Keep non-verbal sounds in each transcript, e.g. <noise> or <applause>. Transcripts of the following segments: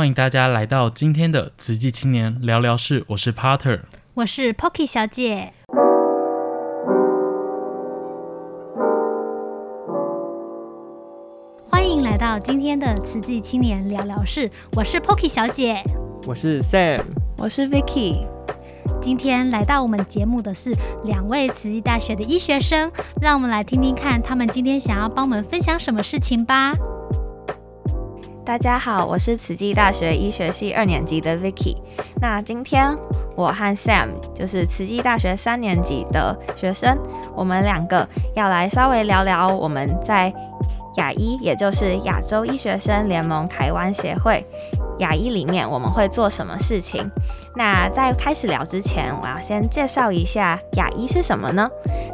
歡迎大家來到今天的《慈濟青年聊聊室》，我是 Potter，我是 Pocky 小姐。歡迎來到今天的《慈濟青年聊聊室》，我是 Pocky 小姐，我是 Sam，我是 Vicky。今天來到我們節目的是兩位慈濟大學的醫學生，讓我們來聽聽看他們今天想要幫我們分享什麼事情吧。大家好，我是慈濟大學醫學系二年級的 Vicky。那今天我和 Sam 就是慈濟大學三年級的學生，我們兩個要來稍微聊聊我們在亞醫，也就是亞洲醫學生聯盟台灣協會。亞醫裡面我們會做什麼事情？那在開始聊之前，我要先介紹一下亞醫是什麼呢？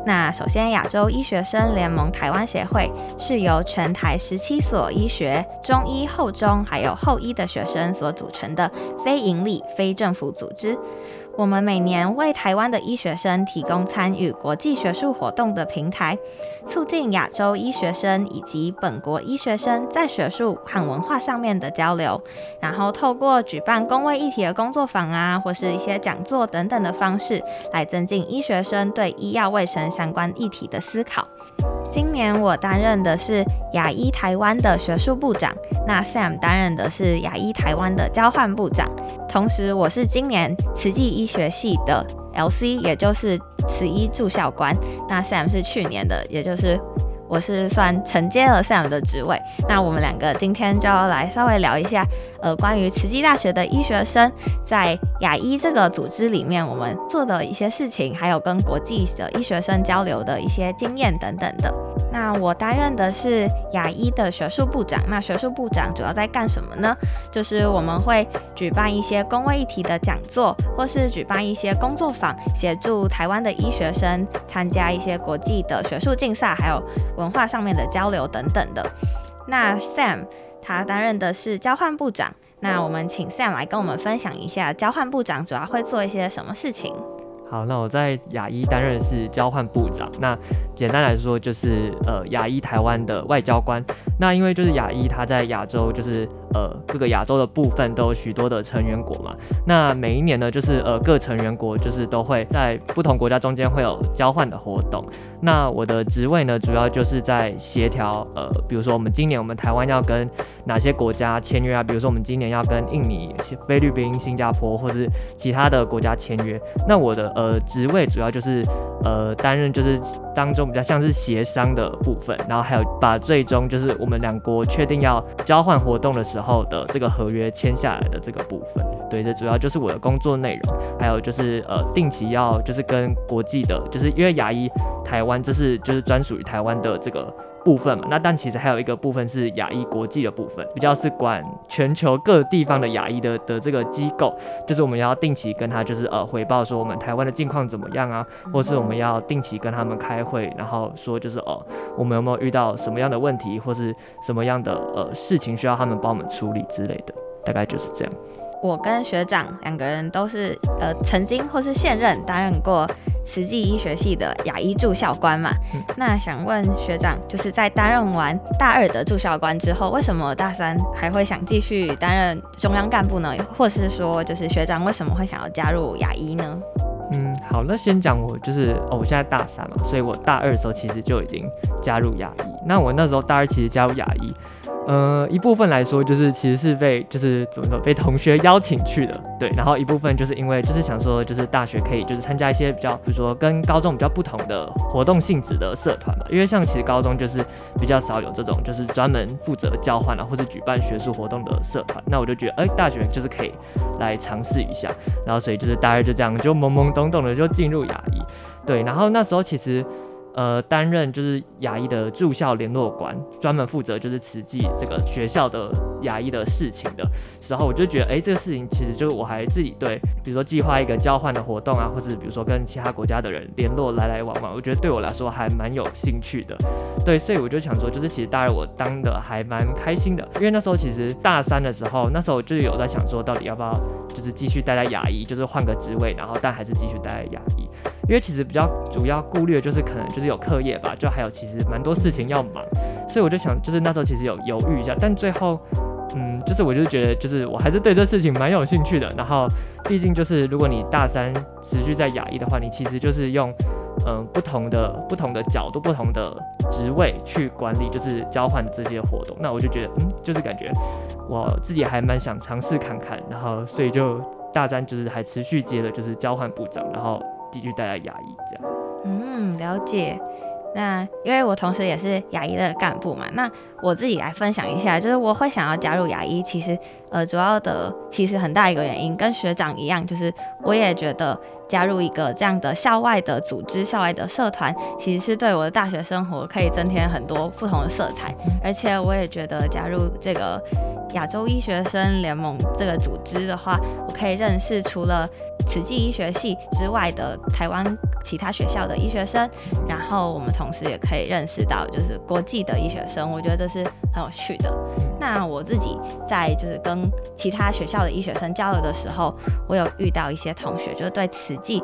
那首先，亞洲醫學生聯盟台灣協會是由全台十七所醫學、中醫、後中還有後醫的學生所組成的非營利、非政府組織。我們每年為台灣的醫學生提供參與國際學術活動的平台，促進亞洲醫學生以及本國醫學生在學術和文化上面的交流。然後，透過舉辦公衛議題的工作坊啊，或是一些講座等等的方式，來增進醫學生對醫藥衛生相關議題的思考。今年我擔任的是亞醫台灣的學術部長，那 Sam 擔任的是亞醫台灣的交換部長，同時我是今年慈濟醫學系的 LC，也就是慈醫駐校官。那 Sam 是去年的，也就是。我是算承接了 Sam 的職位，那我們兩個今天就要來稍微聊一下，呃，關於慈濟大學的醫學生在亞醫這個組織裡面我們做的一些事情，還有跟國際的醫學生交流的一些經驗等等的。那我擔任的是亞醫的學術部長，那學術部長主要在幹什麼呢？就是我們會舉辦一些公衛議題的講座，或是舉辦一些工作坊，協助台灣的醫學生參加一些國際的學術競賽，還有。文化上面的交流等等的。那 Sam 他擔任的是交換部長，那我們請 Sam 來跟我們分享一下交換部長主要會做一些什麼事情。好，那我在亞醫擔任的是交換部長，那簡單來說就是呃亞醫台灣的外交官。那因為就是亞醫他在亞洲就是。呃，各個亞洲的部分都有許多的成員國嘛。那每一年呢，就是呃各成員國就是都會在不同國家中間會有交換的活動。那我的職位呢，主要就是在協調呃，比如說我們今年我們台灣要跟哪些國家簽約啊，比如說我們今年要跟印尼、菲律賓、新加坡或是其他的國家簽約。那我的呃職位主要就是呃擔任就是。當中比較像是協商的部分，然後還有把最終就是我們兩國確定要交換活動的時候的這個合約簽下來的這個部分。對，這主要就是我的工作內容，還有就是呃定期要就是跟國際的，就是因為亞醫台灣這是就是專屬於台灣的這個部分嘛。那但其實還有一個部分是亞醫國際的部分，比較是管全球各地方的亞醫的的這個機構，就是我們要定期跟他就是呃回報說我們台灣的近況怎麼樣啊，或是我們要定期跟他們開。會，然後說就是哦，我們有沒有遇到什麼樣的問題，或是什麼樣的呃事情需要他們幫我們處理之類的，大概就是這樣。我跟學長兩個人都是呃曾經或是現任擔任過慈濟醫學系的亞醫駐校官嘛，嗯、那想問學長，就是在擔任完大二的駐校官之後，為什麼大三還會想繼續擔任中央幹部呢？或是說，就是學長為什麼會想要加入亞醫呢？好，那先講我就是，哦，我現在大三嘛，所以我大二的時候其實就已經加入亞醫。那我那時候大二其實加入亞醫。呃，一部分來說就是其實是被就是怎麼說被同學邀請去的，對，然後一部分就是因為就是想說就是大學可以就是參加一些比較比如說跟高中比較不同的活動性質的社團嘛，因為像其實高中就是比較少有這種就是專門負責交換啊或者舉辦學術活動的社團，那我就覺得誒、欸，大學就是可以來嘗試一下，然後所以就是大概就這樣就懵懵懂懂的就進入亞醫，對，然後那時候其實。呃，擔任就是亞醫的駐校聯絡官，專門負責就是慈濟這個學校的亞醫的事情的時候，我就覺得，哎、欸，這個事情其實就是我還自己對，比如說計劃一個交換的活動啊，或者比如說跟其他國家的人聯絡來來往往，我覺得對我來說還蠻有興趣的。對，所以我就想說，就是其實大二我當的還蠻開心的，因為那時候其實大三的時候，那時候就有在想說，到底要不要就是繼續待在亞醫，就是換個職位，然後但還是繼續待在亞醫。因為其實比較主要顧慮的就是可能就是有課業吧，就還有其實蠻多事情要忙，所以我就想就是那時候其實有猶豫一下，但最後，嗯，就是我就覺得就是我還是對這事情蠻有興趣的，然後畢竟就是如果你大三持續在亞醫的話，你其實就是用嗯不同的不同的角度、不同的職位去管理，就是交換這些活動，那我就覺得嗯就是感覺我自己還蠻想嘗試看看，然後所以就大三就是還持續接了就是交換部長，然後。繼續待在亞醫這樣，嗯，了解。那因為我同時也是亞醫的幹部嘛，那我自己來分享一下，就是我會想要加入亞醫，其實。呃，主要的其實很大一個原因跟學長一樣，就是我也覺得加入一個這樣的校外的組織、校外的社團，其實是對我的大學生活可以增添很多不同的色彩。而且我也覺得加入這個亞洲醫學生聯盟這個組織的話，我可以認識除了慈濟醫學系之外的台灣其他學校的醫學生，然後我們同時也可以認識到就是國際的醫學生，我覺得這是很有趣的。那我自己在就是跟其他學校的醫學生交流的時候，我有遇到一些同學，就是對慈濟，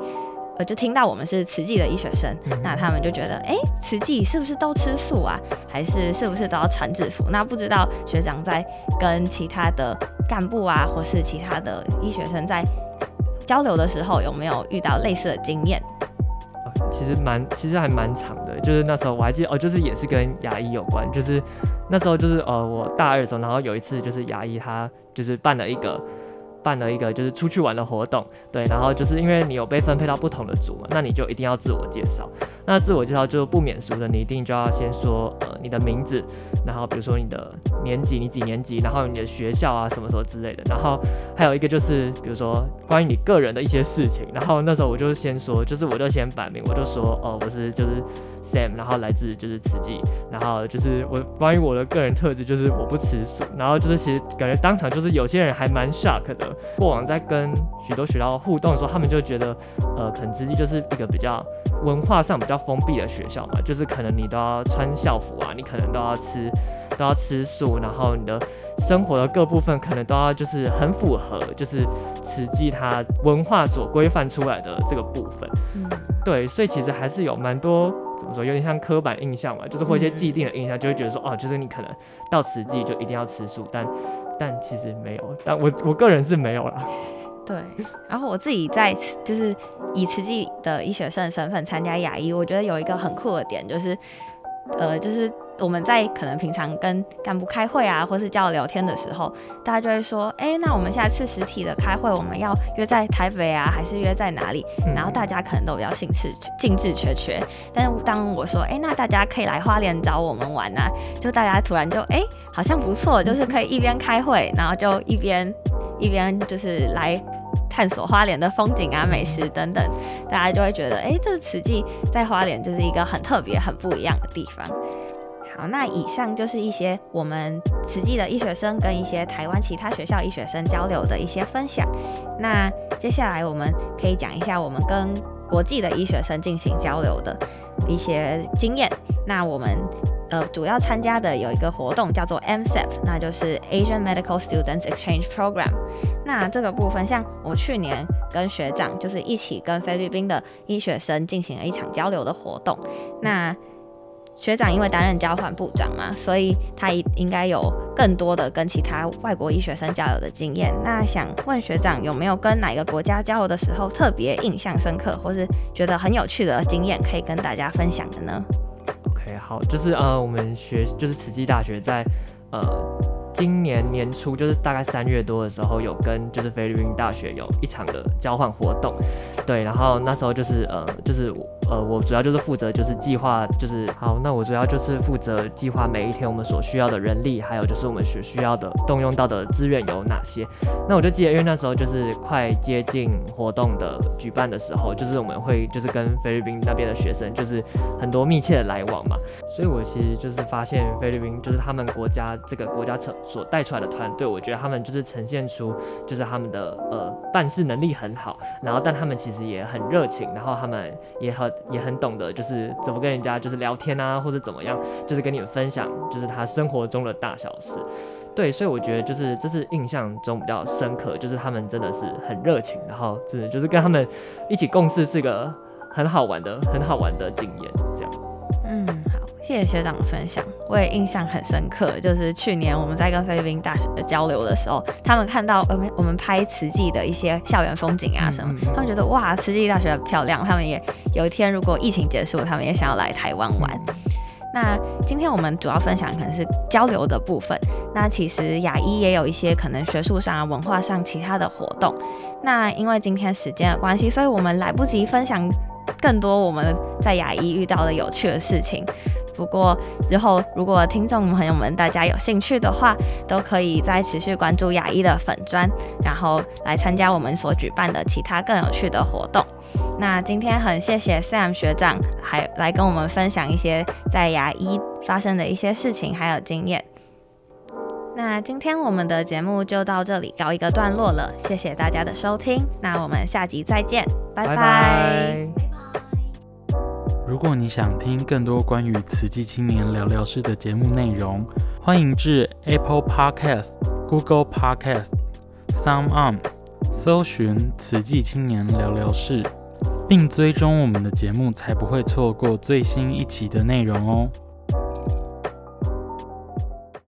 呃，就聽到我們是慈濟的醫學生，嗯、哼那他們就覺得，哎、欸，慈濟是不是都吃素啊？還是是不是都要穿制服？那不知道學長在跟其他的幹部啊，或是其他的醫學生在交流的時候，有沒有遇到類似的經驗？其實蠻，其實還蠻常。就是那時候我還記得哦，就是也是跟亞醫有關。就是那時候就是呃，我大二的時候，然後有一次就是亞醫他就是辦了一個辦了一個就是出去玩的活動，對，然後就是因為你有被分配到不同的組嘛，那你就一定要自我介紹。那自我介紹就是不免俗的，你一定就要先說呃你的名字，然後比如說你的年級，你幾年級，然後你的學校啊什麼什麼之類的。然後還有一個就是，比如說關於你個人的一些事情。然後那時候我就先說，就是我就先擺明，我就說哦、呃、我是就是 Sam，然後來自就是慈濟。然後就是我關於我的個人特質就是我不吃素。然後就是其實感覺當場就是有些人還蠻 shock 的。過往在跟許多學校互動的時候，他們就覺得呃可能慈濟就是一個比較文化上比較。比較封閉的學校嘛，就是可能你都要穿校服啊，你可能都要吃，都要吃素，然後你的生活的各部分可能都要就是很符合，就是慈濟它文化所規範出來的這個部分。嗯，對，所以其實還是有蠻多怎麼說，有點像刻板印象嘛，就是或一些既定的印象，就會覺得說哦、嗯啊，就是你可能到慈濟就一定要吃素，但但其實沒有，但我我個人是沒有啦。 <laughs> 對，然後我自己在就是以慈濟的醫學生身份參加亞醫，我覺得有一個很酷的點就是，呃，就是我們在可能平常跟幹部開會啊，或是叫聊天的時候，大家就會說，哎、欸，那我們下次實體的開會，我們要約在台北啊，還是約在哪裡？然後大家可能都比較興致興、嗯、致缺缺，但是當我說，哎、欸，那大家可以來花蓮找我們玩啊，就大家突然就哎、欸、好像不錯，就是可以一邊開會，嗯、然後就一邊。一邊就是來探索花蓮的風景啊、美食等等，大家就會覺得，哎、欸，這個慈濟在花蓮就是一個很特別、很不一樣的地方。好，那以上就是一些我們慈濟的醫學生跟一些台灣其他學校醫學生交流的一些分享。那接下來我們可以講一下我們跟國際的醫學生進行交流的一些經驗。那我們。呃，主要參加的有一個活動叫做 MCEP，那就是 Asian Medical Students Exchange Program。那這個部分，像我去年跟學長就是一起跟菲律賓的醫學生進行了一場交流的活動。那學長因為擔任交換部長嘛，所以他應應該有更多的跟其他外國醫學生交流的經驗。那想問學長，有沒有跟哪個國家交流的時候特別印象深刻，或是覺得很有趣的經驗可以跟大家分享的呢？好，就是呃，我們學就是慈濟大學在，呃，今年年初就是大概三月多的時候，有跟就是菲律賓大學有一場的交換活動，對，然後那時候就是呃，就是我。呃，我主要就是負責就是計劃，就是好，那我主要就是負責計劃每一天我們所需要的人力，還有就是我們所需要的動用到的資源有哪些？那我就記得，因為那時候就是快接近活動的舉辦的時候，就是我們會就是跟菲律賓那邊的學生就是很多密切的來往嘛，所以我其實就是發現菲律賓就是他們國家這個國家所帶出來的團隊，我覺得他們就是呈現出就是他們的呃辦事能力很好，然後但他們其實也很熱情，然後他們也很。也很懂得，就是怎麼跟人家就是聊天啊，或者怎麼樣，就是跟你們分享，就是他生活中的大小事。對，所以我覺得就是這是印象中比較深刻，就是他們真的是很熱情，然後真的就是跟他們一起共事是個很好玩的、很好玩的經驗。謝謝學長的分享，我也印象很深刻。就是去年我們在跟菲律賓大學的交流的時候，他們看到我們我們拍慈濟的一些校園風景啊什麼，他們覺得哇，慈濟大學很漂亮。他們也有一天如果疫情結束，他們也想要來台灣玩。那今天我們主要分享可能是交流的部分。那其實亞醫也有一些可能學術上、啊、文化上其他的活動。那因為今天時間的關係，所以我們來不及分享更多我們在亞醫遇到的有趣的事情。不過之後，如果聽眾朋友們大家有興趣的話，都可以再持續關注亞醫的粉專，然後來參加我們所舉辦的其他更有趣的活動。那今天很謝謝 Sam 學長，還來跟我們分享一些在亞醫發生的一些事情還有經驗。那今天我們的節目就到這裡告一個段落了，謝謝大家的收聽，那我們下集再見，拜拜。拜拜如果你想聽更多關於《慈濟青年聊聊事》的節目內容，歡迎至 Apple Podcast、Google Podcast、Sound On 搜尋“慈濟青年聊聊事”，並追蹤我們的節目，才不會錯過最新一期的內容哦。